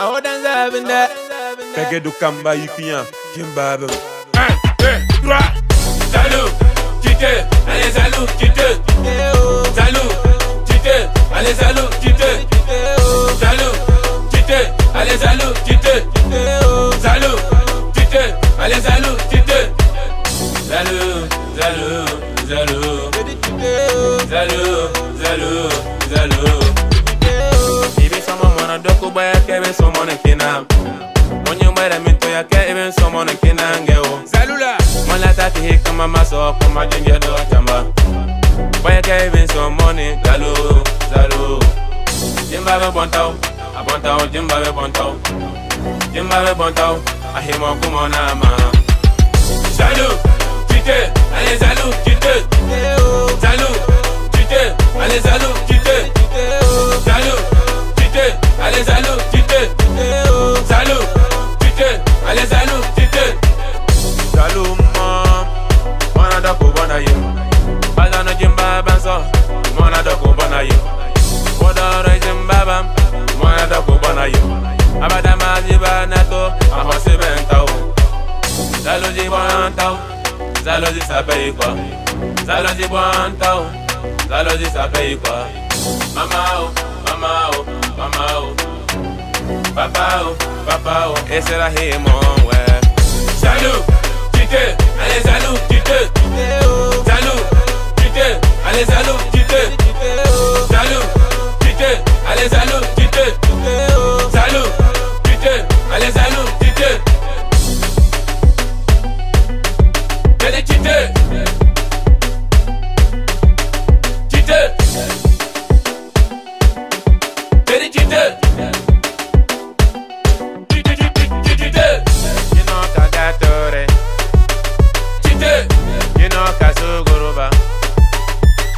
Aho danza abinda Pege do kamba yukiyan Kimbabe Un, deux, trois Salou, quitte Allez salou, quitte Salou, quitte Allez salou, quitte Salou, quitte Allez salou, quitte Salou, quitte Allez salou, quitte Salou, salou someone Kinam. When you marry me to your care, even someone in Kinam, girl. Zalula! Malata ti hika mama so, kuma jinja do jamba. Why you care even some money, zalu, zalu. Jimba we bontao, a bontao, we bontao. Jimbawe bontao, a himo kumona ma. Zalu, tite, allez zalu, tite. Zalu, tite, allez zalu, tite. tour, en face de Bentao. Jalousie Bentao, jalousie ça paye quoi? Jalousie oh, jalousie oh, paye oh Papa oh, papa oh, et c'est la rime eh. ouais. Jaloux, tu te, allez, jaloux, tu te, jaloux. Dino Kazugoroba.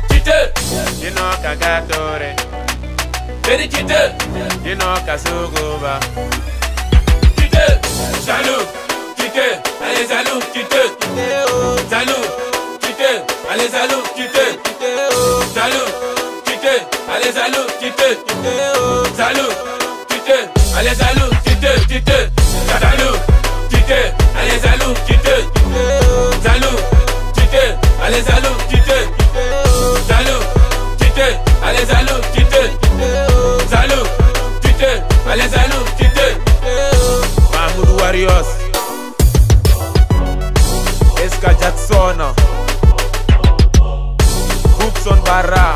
Chite. tu Kagatore. Allez, tu Allez, jaloux. Chite. Jaloux. Chite. Allez, allez allô, quittez, Zalo, quittez, allez allô, quittez, Zalo, quittez, allez allô, quittez. Mahmoud Warriors, Eska Jackson, Bookson Barra.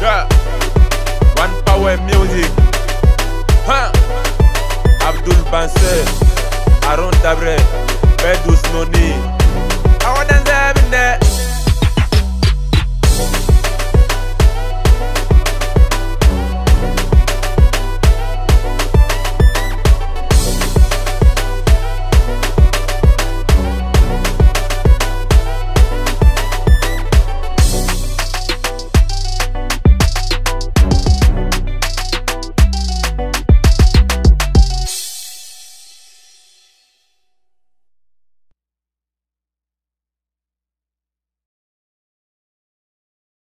Yeah. One power music. Huh do Aaron Tabré.